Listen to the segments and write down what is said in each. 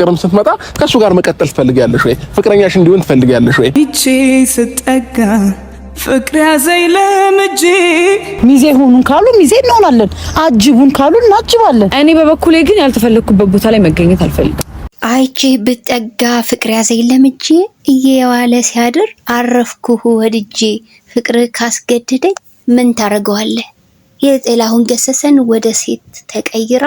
ፍቅርም ስትመጣ ከእሱ ጋር መቀጠል ትፈልጊያለሽ ወይ? ፍቅረኛሽ እንዲሆን ትፈልጊያለሽ ወይ? ይቺ ስጠጋ ፍቅር ያዘኝ ለምጄ ሚዜ ሆኑን ካሉ ሚዜ እንሆናለን፣ አጅቡን ካሉ እናጅባለን። እኔ በበኩሌ ግን ያልተፈለግኩበት ቦታ ላይ መገኘት አልፈልግም። አይቼ ብጠጋ ፍቅር ያዘኝ ለምጄ እየዋለ ሲያድር አረፍኩህ ወድጄ ፍቅር ካስገደደኝ ምን ታደርገዋለህ? የጥላሁን ገሰሰን ወደ ሴት ተቀይራ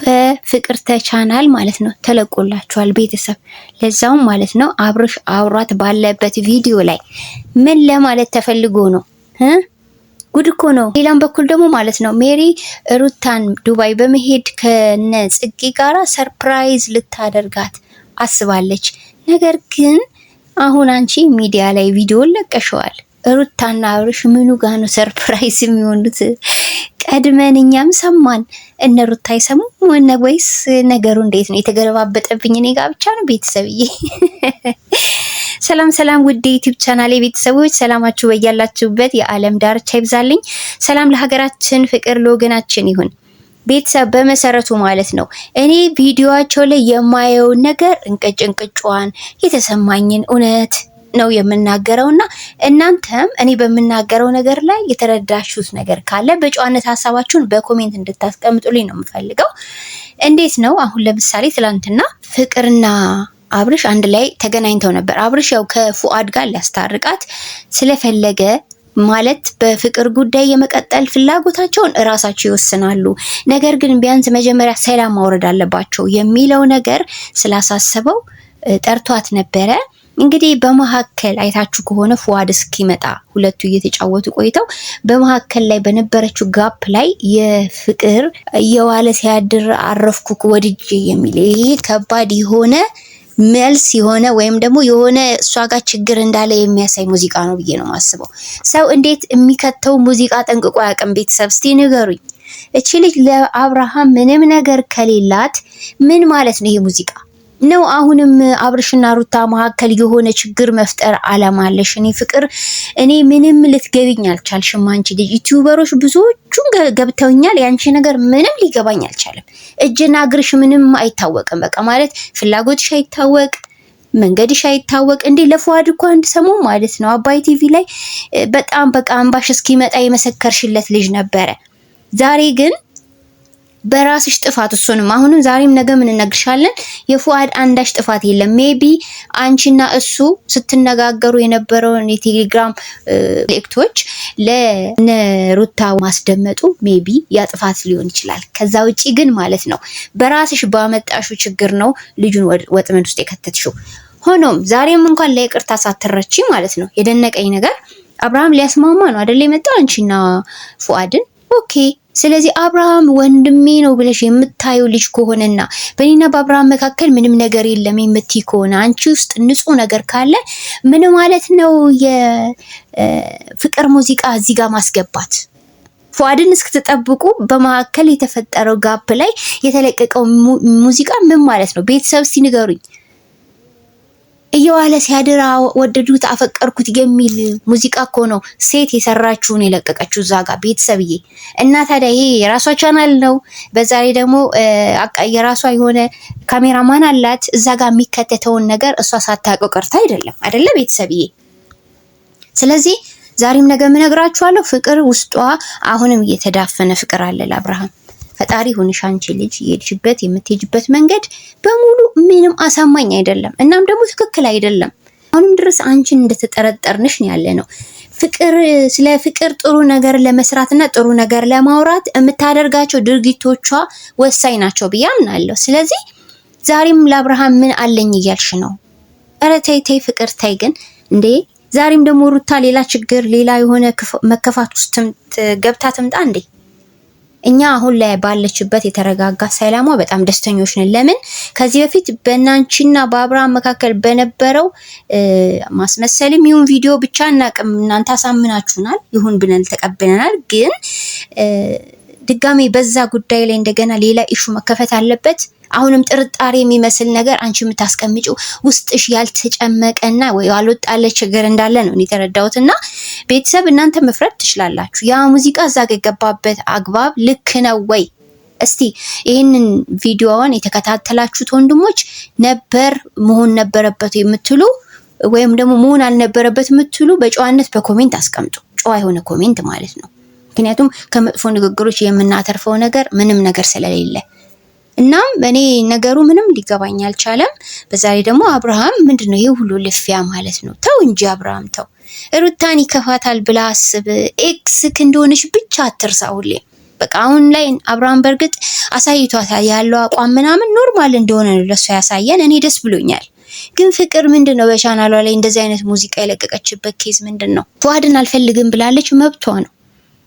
በፍቅርተ ቻናል ማለት ነው ተለቆላችኋል ቤተሰብ። ለዛውም ማለት ነው አብርሽ አውራት ባለበት ቪዲዮ ላይ ምን ለማለት ተፈልጎ ነው እ ጉድ እኮ ነው። ሌላም በኩል ደግሞ ማለት ነው ሜሪ ሩታን ዱባይ በመሄድ ከነ ጽጌ ጋራ ሰርፕራይዝ ልታደርጋት አስባለች። ነገር ግን አሁን አንቺ ሚዲያ ላይ ቪዲዮን ለቀሸዋል። ሩታና አብርሽ ምኑ ጋ ነው ሰርፕራይዝ የሚሆኑት? ቀድመን እኛም ሰማን። እነ ሩታ ይሰሙ ወይስ ነገሩ እንዴት ነው የተገለባበጠብኝ? እኔ ጋ ብቻ ነው ቤተሰብዬ። ሰላም ሰላም፣ ውድ ዩቲዩብ ቻናሌ ቤተሰቦች ሰላማችሁ በያላችሁበት የዓለም ዳርቻ ይብዛልኝ። ሰላም ለሀገራችን፣ ፍቅር ለወገናችን ይሁን። ቤተሰብ በመሰረቱ ማለት ነው። እኔ ቪዲዮዋቸው ላይ የማየውን ነገር እንቅጭ እንቅጫዋን የተሰማኝን እውነት ነው የምናገረው እና እናንተም እኔ በምናገረው ነገር ላይ የተረዳችሁት ነገር ካለ በጨዋነት ሀሳባችሁን በኮሜንት እንድታስቀምጡልኝ ነው የምፈልገው። እንዴት ነው አሁን ለምሳሌ ትላንትና ፍቅርና አብርሽ አንድ ላይ ተገናኝተው ነበር። አብርሽ ያው ከፉአድ ጋር ሊያስታርቃት ስለፈለገ ማለት በፍቅር ጉዳይ የመቀጠል ፍላጎታቸውን እራሳቸው ይወስናሉ። ነገር ግን ቢያንስ መጀመሪያ ሰላም ማውረድ አለባቸው የሚለው ነገር ስላሳሰበው ጠርቷት ነበረ። እንግዲህ በመካከል አይታችሁ ከሆነ ፉአድ እስኪመጣ ሁለቱ እየተጫወቱ ቆይተው በመካከል ላይ በነበረችው ጋፕ ላይ የፍቅር እየዋለ ሲያድር አረፍኩ ወድጄ የሚል ይሄ ከባድ የሆነ መልስ የሆነ ወይም ደግሞ የሆነ እሷ ጋር ችግር እንዳለ የሚያሳይ ሙዚቃ ነው ብዬ ነው የማስበው። ሰው እንዴት የሚከተው ሙዚቃ ጠንቅቆ ያቅም? ቤተሰብ እስቲ ንገሩኝ። እቺ ልጅ ለአብርሃም ምንም ነገር ከሌላት ምን ማለት ነው ይሄ ሙዚቃ? ነው አሁንም አብርሽና ሩታ መካከል የሆነ ችግር መፍጠር አላማ አለሽ? እኔ ፍቅር እኔ ምንም ልትገብኝ አልቻልሽም። አንቺ ልጅ ዩቲዩበሮች ብዙዎቹን ገብተውኛል። የአንቺ ነገር ምንም ሊገባኝ አልቻለም። እጅና እግርሽ ምንም አይታወቅም። በቃ ማለት ፍላጎትሽ አይታወቅ፣ መንገድሽ አይታወቅ። እንዴ ለፏድ እኮ አንድ ሰሞን ማለት ነው አባይ ቲቪ ላይ በጣም በቃ አምባሽ እስኪመጣ የመሰከርሽለት ልጅ ነበረ። ዛሬ ግን በራስሽ ጥፋት እሱንም አሁንም ዛሬም ነገም እንነግርሻለን። የፉአድ አንዳች ጥፋት የለም። ሜቢ አንቺና እሱ ስትነጋገሩ የነበረውን የቴሌግራም ሌክቶች ለነሩታ ማስደመጡ ሜቢ ያ ጥፋት ሊሆን ይችላል። ከዛ ውጪ ግን ማለት ነው በራስሽ ባመጣሹ ችግር ነው ልጁን ወጥመድ ውስጥ የከተትሽው። ሆኖም ዛሬም እንኳን ለይቅርታ ሳትረቺ ማለት ነው የደነቀኝ ነገር አብርሃም ሊያስማማ ነው አደላ የመጣው አንቺና ፉአድን ኦኬ ስለዚህ አብርሃም ወንድሜ ነው ብለሽ የምታየው ልጅ ከሆነና በእኔና በአብርሃም መካከል ምንም ነገር የለም የምትይ ከሆነ አንቺ ውስጥ ንጹህ ነገር ካለ ምን ማለት ነው የፍቅር ሙዚቃ እዚህ ጋር ማስገባት? ፏድን እስክትጠብቁ በመካከል የተፈጠረው ጋፕ ላይ የተለቀቀው ሙዚቃ ምን ማለት ነው? ቤተሰብ እስቲ ንገሩኝ። እየዋለ ሲያድር ወደዱት አፈቀርኩት የሚል ሙዚቃ እኮ ነው ሴት የሰራችውን የለቀቀችው እዛ ጋር ቤተሰብዬ። እና ታዲያ ይሄ የራሷ ቻናል ነው። በዛ ላይ ደግሞ የራሷ የሆነ ካሜራማን አላት። እዛ ጋር የሚከተተውን ነገር እሷ ሳታውቀው ቀርታ አይደለም አይደለ ቤተሰብዬ። ስለዚህ ዛሬም ነገ ምነግራችኋለሁ፣ ፍቅር ውስጧ አሁንም እየተዳፈነ ፍቅር አለ ለአብርሃም ፈጣሪ ሆንሽ አንቺ ልጅ የሄድሽበት የምትሄጅበት መንገድ በሙሉ ምንም አሳማኝ አይደለም፣ እናም ደግሞ ትክክል አይደለም። አሁንም ድረስ አንቺን እንደተጠረጠርንሽ ነው ያለ ነው። ፍቅር ስለ ፍቅር ጥሩ ነገር ለመስራትና ጥሩ ነገር ለማውራት የምታደርጋቸው ድርጊቶቿ ወሳኝ ናቸው ብዬ አምናለሁ። ስለዚህ ዛሬም ለአብርሃም ምን አለኝ እያልሽ ነው? ኧረ ተይ ተይ ፍቅር ተይ። ግን እንዴ ዛሬም ደግሞ ሩታ ሌላ ችግር ሌላ የሆነ መከፋት ውስጥ ገብታ ትምጣ እንዴ? እኛ አሁን ላይ ባለችበት የተረጋጋ ሰላሟ በጣም ደስተኞች ነን። ለምን ከዚህ በፊት በእናንቺና በአብርሃም መካከል በነበረው ማስመሰልም ይሁን ቪዲዮ ብቻ እናቅም እናንተ አሳምናችሁናል፣ ይሁን ብለን ተቀብለናል። ግን ድጋሜ በዛ ጉዳይ ላይ እንደገና ሌላ ኢሹ መከፈት አለበት አሁንም ጥርጣሬ የሚመስል ነገር አንቺ የምታስቀምጪው ውስጥሽ ያልተጨመቀና ወይ ያልወጣለ ችግር እንዳለ ነው የተረዳሁት። እና ቤተሰብ እናንተ መፍረድ ትችላላችሁ። ያ ሙዚቃ እዛ የገባበት አግባብ ልክ ነው ወይ? እስቲ ይህንን ቪዲዮውን የተከታተላችሁት ወንድሞች ነበር መሆን ነበረበት የምትሉ ወይም ደግሞ መሆን አልነበረበት የምትሉ በጨዋነት በኮሜንት አስቀምጡ። ጨዋ የሆነ ኮሜንት ማለት ነው። ምክንያቱም ከመጥፎ ንግግሮች የምናተርፈው ነገር ምንም ነገር ስለሌለ እናም እኔ ነገሩ ምንም ሊገባኝ አልቻለም። በዛ ላይ ደግሞ አብርሃም ምንድን ነው ይሄ ሁሉ ልፊያ ማለት ነው? ተው እንጂ አብርሃም ተው። ሩታን ይከፋታል ብላ አስብ። ኤክስ እንደሆነች ብቻ አትርሳ ሁሌ በቃ አሁን ላይ አብርሃም በእርግጥ አሳይቷታል ያለው አቋም ምናምን ኖርማል እንደሆነ ነው ለእሷ ያሳየን። እኔ ደስ ብሎኛል። ግን ፍቅር ምንድን ነው በቻናሏ ላይ እንደዚህ አይነት ሙዚቃ የለቀቀችበት ኬዝ ምንድን ነው? አልፈልግም ብላለች፣ መብቷ ነው።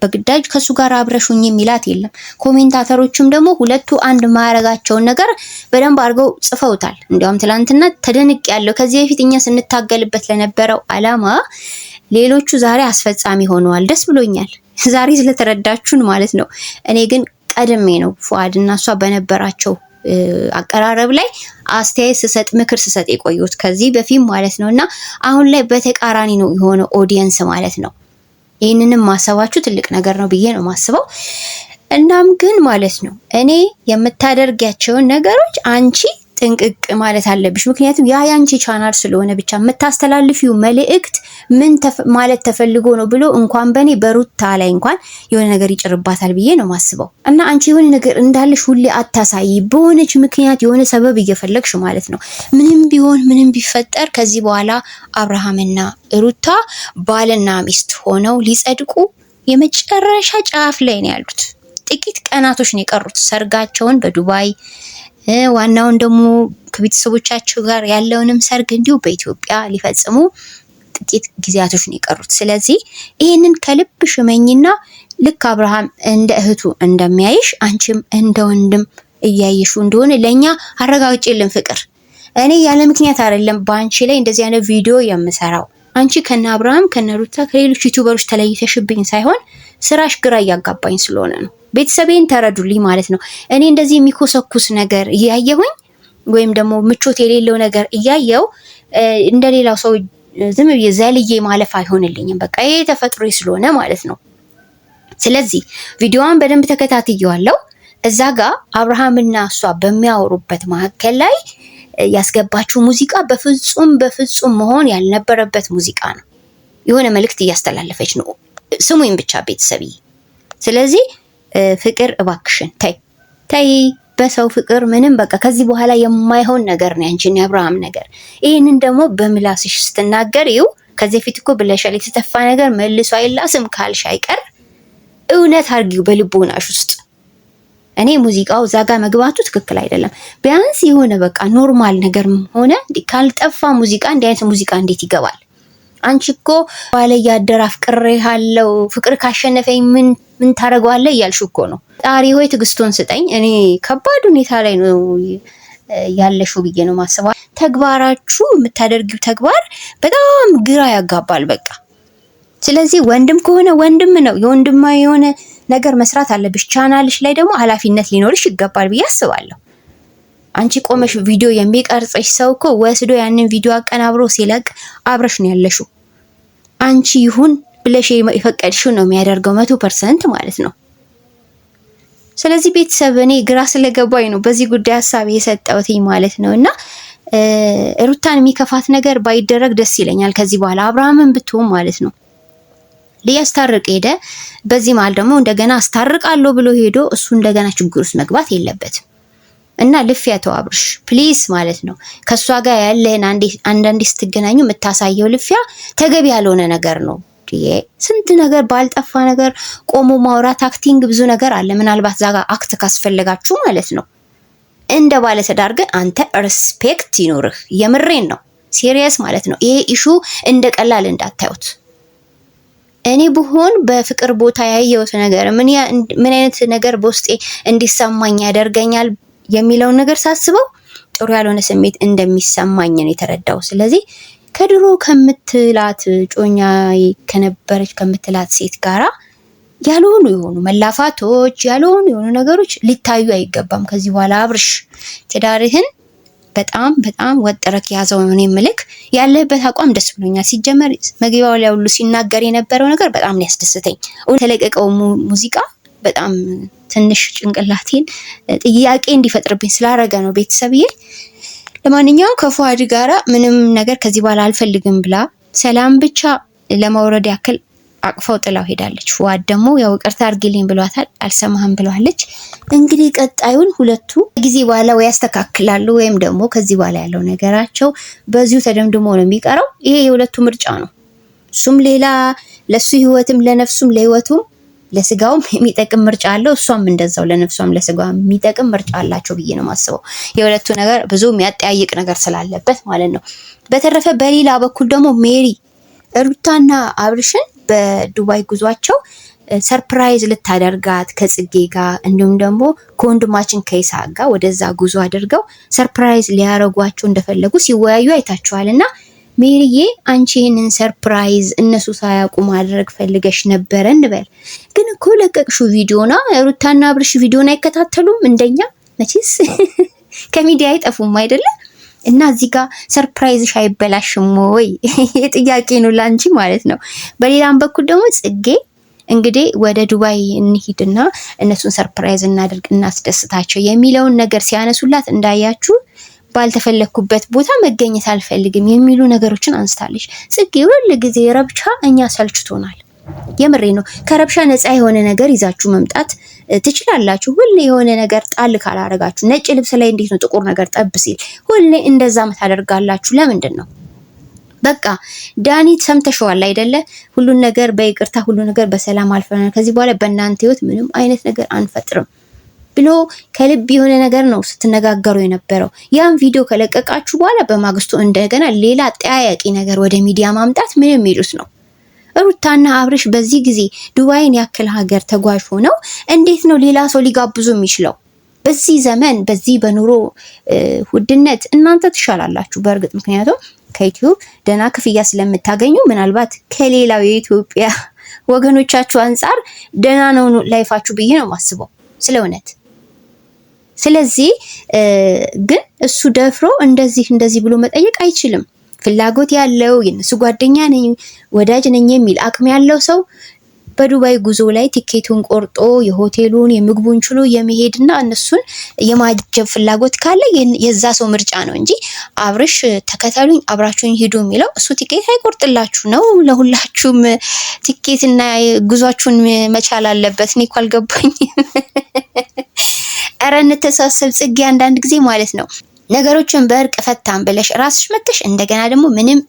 በግዳጅ ከሱ ጋር አብረሹኝ የሚላት የለም። ኮሜንታተሮችም ደግሞ ሁለቱ አንድ ማያረጋቸውን ነገር በደንብ አድርገው ጽፈውታል። እንዲያውም ትላንትና ተደንቅ ያለው ከዚህ በፊት እኛ ስንታገልበት ለነበረው አላማ ሌሎቹ ዛሬ አስፈጻሚ ሆነዋል። ደስ ብሎኛል ዛሬ ስለተረዳችሁን ማለት ነው። እኔ ግን ቀድሜ ነው ፉአድ እና እሷ በነበራቸው አቀራረብ ላይ አስተያየት ስሰጥ ምክር ስሰጥ የቆዩት ከዚህ በፊት ማለት ነው እና አሁን ላይ በተቃራኒ ነው የሆነ ኦዲየንስ ማለት ነው። ይህንንም ማሰባችሁ ትልቅ ነገር ነው ብዬ ነው ማስበው። እናም ግን ማለት ነው እኔ የምታደርጊያቸውን ነገሮች አንቺ ጥንቅቅ ማለት አለብሽ። ምክንያቱም ያ ያንቺ ቻናል ስለሆነ ብቻ የምታስተላልፊው መልእክት ምን ማለት ተፈልጎ ነው ብሎ እንኳን በእኔ በሩታ ላይ እንኳን የሆነ ነገር ይጭርባታል ብዬ ነው ማስበው። እና አንቺ የሆነ ነገር እንዳለሽ ሁሌ አታሳይ። በሆነች ምክንያት የሆነ ሰበብ እየፈለግሽ ማለት ነው። ምንም ቢሆን ምንም ቢፈጠር ከዚህ በኋላ አብርሃምና ሩታ ባልና ሚስት ሆነው ሊጸድቁ የመጨረሻ ጫፍ ላይ ነው ያሉት። ጥቂት ቀናቶች ነው የቀሩት ሰርጋቸውን በዱባይ ዋናውን ደግሞ ከቤተሰቦቻቸው ጋር ያለውንም ሰርግ እንዲሁ በኢትዮጵያ ሊፈጽሙ ጥቂት ጊዜያቶች ነው የቀሩት። ስለዚህ ይህንን ከልብ ሽመኝና ልክ አብርሃም እንደ እህቱ እንደሚያይሽ አንቺም እንደ ወንድም እያየሹ እንደሆነ ለእኛ አረጋግጭልን ፍቅር። እኔ ያለ ምክንያት አይደለም በአንቺ ላይ እንደዚህ አይነት ቪዲዮ የምሰራው። አንቺ ከነ አብርሃም ከነ ሩታ ከሌሎች ዩቱበሮች ተለይተሽብኝ ሳይሆን ስራሽ ግራ እያጋባኝ ስለሆነ ነው። ቤተሰቤን ተረዱልኝ ማለት ነው። እኔ እንደዚህ የሚኮሰኩስ ነገር እያየሁኝ ወይም ደግሞ ምቾት የሌለው ነገር እያየው እንደሌላው ሰው ዝም ብዬ ዘልዬ ማለፍ አይሆንልኝም። በቃ ይሄ ተፈጥሮ ስለሆነ ማለት ነው። ስለዚህ ቪዲዮዋን በደንብ ተከታትየዋለሁ። እዛ ጋር አብርሃምና እሷ በሚያወሩበት መካከል ላይ ያስገባችው ሙዚቃ በፍጹም በፍጹም መሆን ያልነበረበት ሙዚቃ ነው። የሆነ መልእክት እያስተላለፈች ነው ስሙኝ ብቻ ቤተሰብዬ። ስለዚህ ፍቅር እባክሽን ተይ ተይ በሰው ፍቅር ምንም በቃ ከዚህ በኋላ የማይሆን ነገር ነው ያንቺን የአብርሃም ነገር። ይህንን ደግሞ በምላስሽ ይው ከዚህ ፊት እኮ ብለሻል የተተፋ ነገር መልሶ አይላስም ካልሽ አይቀር እውነት አርጊው በልቦናሽ ውስጥ። እኔ ሙዚቃው እዛ ጋር መግባቱ ትክክል አይደለም። ቢያንስ የሆነ በቃ ኖርማል ነገር ሆነ ካልጠፋ ሙዚቃ እንዲህ አይነት ሙዚቃ እንዴት ይገባል? አንቺ እኮ ባለ ያደር አፍቅሬሃለሁ፣ ፍቅር ካሸነፈኝ ምን ምን ታደርገዋለህ እያልሽ እኮ ነው። ጣሪ ሆይ ትዕግስቱን ስጠኝ። እኔ ከባድ ሁኔታ ላይ ነው ያለሽው ብዬ ነው ማስበው። ተግባራችሁ የምታደርጊው ተግባር በጣም ግራ ያጋባል። በቃ ስለዚህ ወንድም ከሆነ ወንድም ነው የወንድማ የሆነ ነገር መስራት አለብሽ። ቻናልሽ ላይ ደግሞ ኃላፊነት ሊኖርሽ ይገባል ብዬ አስባለሁ። አንቺ ቆመሽ ቪዲዮ የሚቀርጽሽ ሰው እኮ ወስዶ ያንን ቪዲዮ አቀናብሮ ሲለቅ አብረሽ ነው ያለሽው። አንቺ ይሁን ብለሽ የፈቀድሽው ነው የሚያደርገው መቶ ፐርሰንት ማለት ነው። ስለዚህ ቤተሰብ እኔ ግራ ስለገባኝ ነው በዚህ ጉዳይ ሀሳብ የሰጠውትኝ ማለት ነው። እና ሩታን የሚከፋት ነገር ባይደረግ ደስ ይለኛል ከዚህ በኋላ አብርሃምን ብትሆን ማለት ነው ሊያስታርቅ ሄደ። በዚህ መሀል ደግሞ እንደገና አስታርቃለሁ ብሎ ሄዶ እሱ እንደገና ችግር ውስጥ መግባት የለበትም። እና ልፊያ ተዋብርሽ ፕሊስ ማለት ነው። ከእሷ ጋር ያለህን አንዳንዴ ስትገናኙ የምታሳየው ልፊያ ተገቢ ያልሆነ ነገር ነው። ስንት ነገር ባልጠፋ ነገር ቆሞ ማውራት፣ አክቲንግ፣ ብዙ ነገር አለ። ምናልባት ዛጋ አክት ካስፈለጋችሁ ማለት ነው። እንደ ባለትዳር ግን አንተ ሪስፔክት ይኖርህ። የምሬን ነው፣ ሲሪየስ ማለት ነው። ይሄ ኢሹ እንደ ቀላል እንዳታዩት። እኔ ብሆን በፍቅር ቦታ ያየሁት ነገር ምን አይነት ነገር በውስጤ እንዲሰማኝ ያደርገኛል የሚለውን ነገር ሳስበው ጥሩ ያልሆነ ስሜት እንደሚሰማኝ ነው የተረዳው። ስለዚህ ከድሮ ከምትላት ጮኛ ከነበረች ከምትላት ሴት ጋራ ያልሆኑ የሆኑ መላፋቶች ያልሆኑ የሆኑ ነገሮች ሊታዩ አይገባም። ከዚህ በኋላ አብርሽ ትዳርህን በጣም በጣም ወጥረክ ያዘው ነው የምልክ። ያለህበት አቋም ደስ ብሎኛል። ሲጀመር መግቢያው ላይ ሁሉ ሲናገር የነበረው ነገር በጣም ነው ያስደስተኝ። ተለቀቀው ሙዚቃ በጣም ትንሽ ጭንቅላቴን ጥያቄ እንዲፈጥርብኝ ስላረገ ነው ቤተሰብዬ። ለማንኛውም ከፉአድ ጋራ ምንም ነገር ከዚህ በኋላ አልፈልግም ብላ ሰላም ብቻ ለማውረድ ያክል አቅፈው ጥላው ሄዳለች። ፉአድ ደግሞ ያው ይቅርታ አድርጊልኝ ብሏታል። አልሰማህም ብለዋለች። እንግዲህ ቀጣዩን ሁለቱ ጊዜ በኋላ ወይ ያስተካክላሉ ወይም ደግሞ ከዚህ በኋላ ያለው ነገራቸው በዚሁ ተደምድሞ ነው የሚቀረው። ይሄ የሁለቱ ምርጫ ነው። እሱም ሌላ ለሱ ህይወትም ለነፍሱም ለህይወቱም ለስጋውም የሚጠቅም ምርጫ አለው። እሷም እንደዛው ለነፍሷም ለስጋ የሚጠቅም ምርጫ አላቸው ብዬ ነው የማስበው። የሁለቱ ነገር ብዙ የሚያጠያይቅ ነገር ስላለበት ማለት ነው። በተረፈ በሌላ በኩል ደግሞ ሜሪ ሩታና አብርሽን በዱባይ ጉዟቸው ሰርፕራይዝ ልታደርጋት ከጽጌ ጋር እንዲሁም ደግሞ ከወንድማችን ከይስሐቅ ጋር ወደዛ ጉዞ አድርገው ሰርፕራይዝ ሊያረጓቸው እንደፈለጉ ሲወያዩ አይታችኋል እና ሜሪዬ አንቺ ይህንን ሰርፕራይዝ እነሱ ሳያውቁ ማድረግ ፈልገሽ ነበረ እንበል። ግን እኮ ለቀቅሹ ቪዲዮና ሩታና ብርሽ ቪዲዮን አይከታተሉም እንደኛ መቼስ ከሚዲያ አይጠፉም አይደለም። እና እዚህ ጋር ሰርፕራይዝሽ አይበላሽም ወይ የጥያቄ ነው ላንቺ ማለት ነው። በሌላም በኩል ደግሞ ጽጌ እንግዲህ ወደ ዱባይ እንሂድና እነሱን ሰርፕራይዝ እናደርግ እናስደስታቸው የሚለውን ነገር ሲያነሱላት እንዳያችሁ ባልተፈለግኩበት ቦታ መገኘት አልፈልግም የሚሉ ነገሮችን አንስታለች። ጽጌ ሁል ጊዜ ረብቻ እኛ ሰልችቶናል። የምሬ ነው። ከረብሻ ነፃ የሆነ ነገር ይዛችሁ መምጣት ትችላላችሁ። ሁሌ የሆነ ነገር ጣል ካላረጋችሁ፣ ነጭ ልብስ ላይ እንዴት ነው ጥቁር ነገር ጠብ ሲል ሁሌ እንደዛ ታደርጋላችሁ? ለምንድን ነው? በቃ ዳኒ ሰምተሸዋል አይደለ? ሁሉን ነገር በይቅርታ ሁሉ ነገር በሰላም አልፈናል። ከዚህ በኋላ በእናንተ ህይወት ምንም አይነት ነገር አንፈጥርም። ብሎ ከልብ የሆነ ነገር ነው ስትነጋገሩ የነበረው። ያን ቪዲዮ ከለቀቃችሁ በኋላ በማግስቱ እንደገና ሌላ ጠያያቂ ነገር ወደ ሚዲያ ማምጣት ምን የሚሉት ነው? ሩታና አብርሽ በዚህ ጊዜ ዱባይን ያክል ሀገር ተጓዥ ሆነው እንዴት ነው ሌላ ሰው ሊጋብዙ የሚችለው? በዚህ ዘመን በዚህ በኑሮ ውድነት እናንተ ትሻላላችሁ በእርግጥ ምክንያቱም ከዩቲዩብ ደህና ክፍያ ስለምታገኙ ምናልባት ከሌላው የኢትዮጵያ ወገኖቻችሁ አንጻር ደህና ነው ላይፋችሁ ብዬ ነው ማስበው ስለ እውነት ስለዚህ ግን እሱ ደፍሮ እንደዚህ እንደዚህ ብሎ መጠየቅ አይችልም። ፍላጎት ያለው የነሱ ጓደኛ ነኝ ወዳጅ ነኝ የሚል አቅም ያለው ሰው በዱባይ ጉዞ ላይ ቲኬቱን ቆርጦ የሆቴሉን የምግቡን ችሎ የመሄድና እነሱን የማጀብ ፍላጎት ካለ የዛ ሰው ምርጫ ነው እንጂ አብርሽ ተከተሉኝ፣ አብራችሁን ሂዱ የሚለው እሱ ቲኬት አይቆርጥላችሁ ነው። ለሁላችሁም ቲኬትና ጉዟችሁን መቻል አለበት። እኔ እኮ አልገባኝም። ኧረ እንተሳሰብ ጽጌ፣ አንዳንድ ጊዜ ማለት ነው ነገሮችን በእርቅ ፈታን ብለሽ ራስሽ መጥተሽ እንደገና ደግሞ ምንም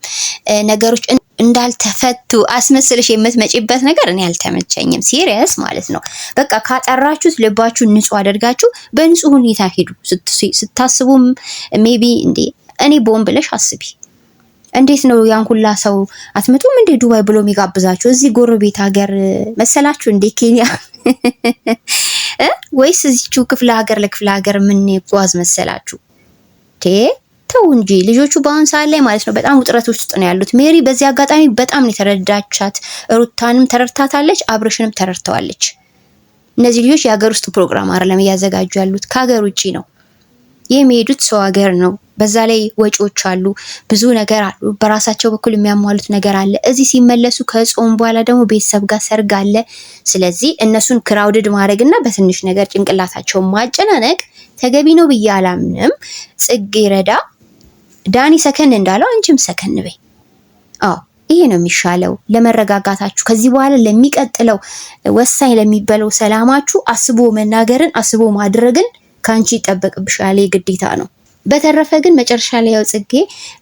ነገሮች እንዳልተፈቱ አስመስልሽ የምትመጪበት ነገር እኔ አልተመቸኝም። ሲሪየስ ማለት ነው። በቃ ካጠራችሁት ልባችሁን ንጹህ አድርጋችሁ በንጹህ ሁኔታ ሄዱ። ስታስቡም ሜቢ እንዴ እኔ ቦም ብለሽ አስቢ። እንዴት ነው ያን ሁላ ሰው አትመጡም እንዴ ዱባይ ብሎ የሚጋብዛችሁ? እዚህ ጎረቤት ሀገር መሰላችሁ እንዴ ኬንያ ወይስ እዚችው ክፍለ ሀገር ለክፍለ ሀገር የምንጓዝ መሰላችሁ? ቴ ተው እንጂ ልጆቹ በአሁን ሰዓት ላይ ማለት ነው በጣም ውጥረት ውስጥ ነው ያሉት። ሜሪ በዚህ አጋጣሚ በጣም ነው የተረዳቻት። ሩታንም ተረድታታለች፣ አብርሽንም ተረድተዋለች። እነዚህ ልጆች የሀገር ውስጥ ፕሮግራም አይደለም እያዘጋጁ ያሉት ከሀገር ውጭ ነው። የሚሄዱት ሰው ሀገር ነው። በዛ ላይ ወጪዎች አሉ፣ ብዙ ነገር አሉ። በራሳቸው በኩል የሚያሟሉት ነገር አለ። እዚህ ሲመለሱ ከጾም በኋላ ደግሞ ቤተሰብ ጋር ሰርግ አለ። ስለዚህ እነሱን ክራውድድ ማድረግ እና በትንሽ ነገር ጭንቅላታቸውን ማጨናነቅ ተገቢ ነው ብዬ አላምንም። ጽጌረዳ ዳኒ ሰከን እንዳለው አንቺም ሰከን በይ። አዎ ይሄ ነው የሚሻለው ለመረጋጋታችሁ። ከዚህ በኋላ ለሚቀጥለው ወሳኝ ለሚባለው ሰላማችሁ አስቦ መናገርን አስቦ ማድረግን ከአንቺ ይጠበቅብሻል፣ ግዴታ ነው። በተረፈ ግን መጨረሻ ላይ ያው ጽጌ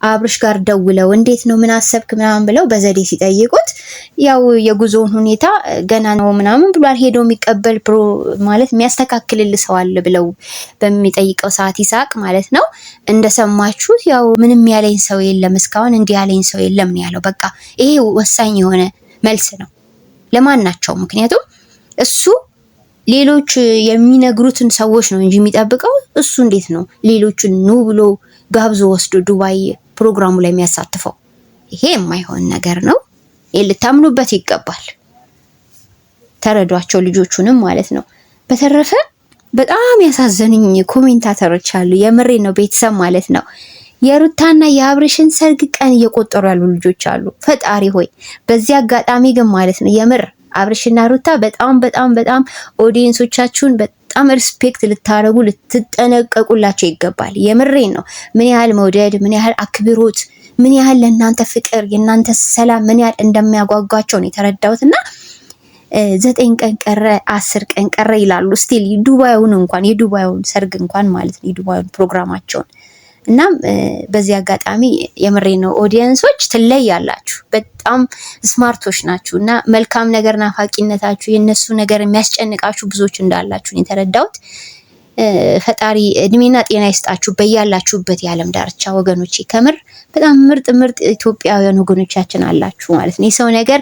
አብርሽ ጋር ደውለው እንዴት ነው ምን አሰብክ ምናምን ብለው በዘዴ ሲጠይቁት ያው የጉዞውን ሁኔታ ገና ነው ምናምን ብሏል፣ ሄዶ የሚቀበል ብሮ ማለት የሚያስተካክልል ሰው አለ ብለው በሚጠይቀው ሰዓት ይሳቅ ማለት ነው እንደሰማችሁት፣ ያው ምንም ያለኝ ሰው የለም እስካሁን እንዲህ ያለኝ ሰው የለም ነው ያለው። በቃ ይሄ ወሳኝ የሆነ መልስ ነው ለማናቸው፣ ምክንያቱም እሱ ሌሎች የሚነግሩትን ሰዎች ነው እንጂ የሚጠብቀው እሱ እንዴት ነው ሌሎችን ኑ ብሎ ጋብዞ ወስዶ ዱባይ ፕሮግራሙ ላይ የሚያሳትፈው? ይሄ የማይሆን ነገር ነው። ልታምኑበት ይገባል። ተረዷቸው ልጆቹንም ማለት ነው። በተረፈ በጣም ያሳዘኑኝ ኮሜንታተሮች አሉ። የምሬ ነው ቤተሰብ ማለት ነው። የሩታና የአብሬሽን ሰርግ ቀን እየቆጠሩ ያሉ ልጆች አሉ። ፈጣሪ ሆይ በዚህ አጋጣሚ ግን ማለት ነው የምር አብርሽና ሩታ በጣም በጣም በጣም ኦዲየንሶቻችሁን በጣም ሪስፔክት ልታረጉ ልትጠነቀቁላቸው ይገባል። የምሬን ነው። ምን ያህል መውደድ፣ ምን ያህል አክብሮት፣ ምን ያህል ለእናንተ ፍቅር፣ የእናንተ ሰላም ምን ያህል እንደሚያጓጓቸው ነው የተረዳሁት እና ዘጠኝ ቀን ቀረ አስር ቀን ቀረ ይላሉ። ስቲል ዱባዩን እንኳን የዱባዩን ሰርግ እንኳን ማለት ነው የዱባዩን ፕሮግራማቸውን እናም በዚህ አጋጣሚ የምሬ ነው ኦዲየንሶች ትለያላችሁ። በጣም ስማርቶች ናችሁ እና መልካም ነገር ናፋቂነታችሁ የእነሱ ነገር የሚያስጨንቃችሁ ብዙዎች እንዳላችሁ የተረዳሁት ፈጣሪ እድሜና ጤና ይስጣችሁ በያላችሁበት የዓለም ዳርቻ ወገኖቼ። ከምር በጣም ምርጥ ምርጥ ኢትዮጵያውያን ወገኖቻችን አላችሁ ማለት ነው። የሰው ነገር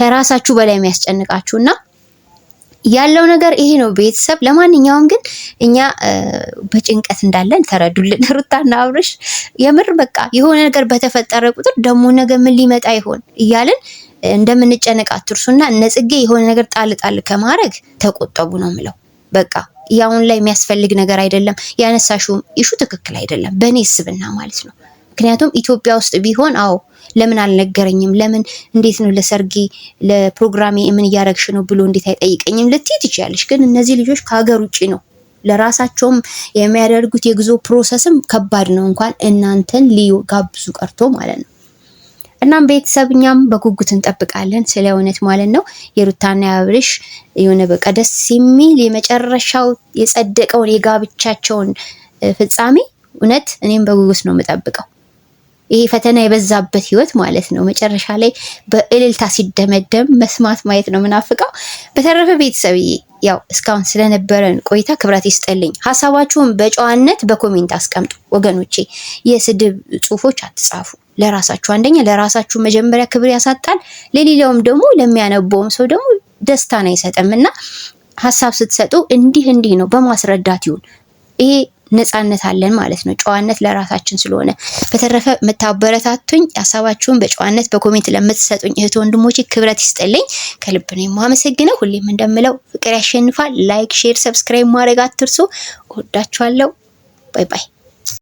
ከራሳችሁ በላይ የሚያስጨንቃችሁ እና ያለው ነገር ይሄ ነው ቤተሰብ። ለማንኛውም ግን እኛ በጭንቀት እንዳለን ተረዱልን። ሩታና አብርሽ የምር በቃ የሆነ ነገር በተፈጠረ ቁጥር ደግሞ ነገ ምን ሊመጣ ይሆን እያልን እንደምንጨነቅ አትርሱና እነ ጽጌ የሆነ ነገር ጣል ጣል ከማድረግ ተቆጠቡ ነው ምለው። በቃ ያሁን ላይ የሚያስፈልግ ነገር አይደለም። ያነሳሽውም ኢሹ ትክክል አይደለም በእኔ ስብና ማለት ነው። ምክንያቱም ኢትዮጵያ ውስጥ ቢሆን አዎ ለምን አልነገረኝም? ለምን እንዴት ነው ለሰርጌ ለፕሮግራሜ ምን እያረግሽ ነው ብሎ እንዴት አይጠይቀኝም ልትይ ትችያለሽ። ግን እነዚህ ልጆች ከሀገር ውጭ ነው ለራሳቸውም የሚያደርጉት የጉዞ ፕሮሰስም ከባድ ነው፣ እንኳን እናንተን ሊጋብዙ ቀርቶ ማለት ነው። እናም ቤተሰብ እኛም በጉጉት እንጠብቃለን ስለ እውነት ማለት ነው። የሩታና የአብርሽ የሆነ በቃ ደስ የሚል የመጨረሻው የጸደቀውን የጋብቻቸውን ፍጻሜ እውነት እኔም በጉጉት ነው የምጠብቀው። ይሄ ፈተና የበዛበት ህይወት ማለት ነው። መጨረሻ ላይ በእልልታ ሲደመደም መስማት ማየት ነው ምናፍቀው። በተረፈ ቤተሰብዬ ያው እስካሁን ስለነበረን ቆይታ ክብረት ይስጠልኝ። ሀሳባችሁን በጨዋነት በኮሜንት አስቀምጡ ወገኖቼ። የስድብ ጽሁፎች አትጻፉ። ለራሳችሁ አንደኛ ለራሳችሁ መጀመሪያ ክብር ያሳጣል፣ ለሌላውም ደግሞ ለሚያነበውም ሰው ደግሞ ደስታን አይሰጥም እና ሀሳብ ስትሰጡ እንዲህ እንዲህ ነው በማስረዳት ይሁን ይሄ ነፃነት አለን ማለት ነው። ጨዋነት ለራሳችን ስለሆነ በተረፈ የምታበረታቱኝ ሀሳባችሁን በጨዋነት በኮሜንት ለምትሰጡኝ እህት ወንድሞች ክብረት ይስጥልኝ። ከልብ ነው የማመሰግነው። ሁሌም እንደምለው ፍቅር ያሸንፋል። ላይክ፣ ሼር፣ ሰብስክራይብ ማድረግ አትርሱ። እወዳችኋለሁ። ባይ ባይ።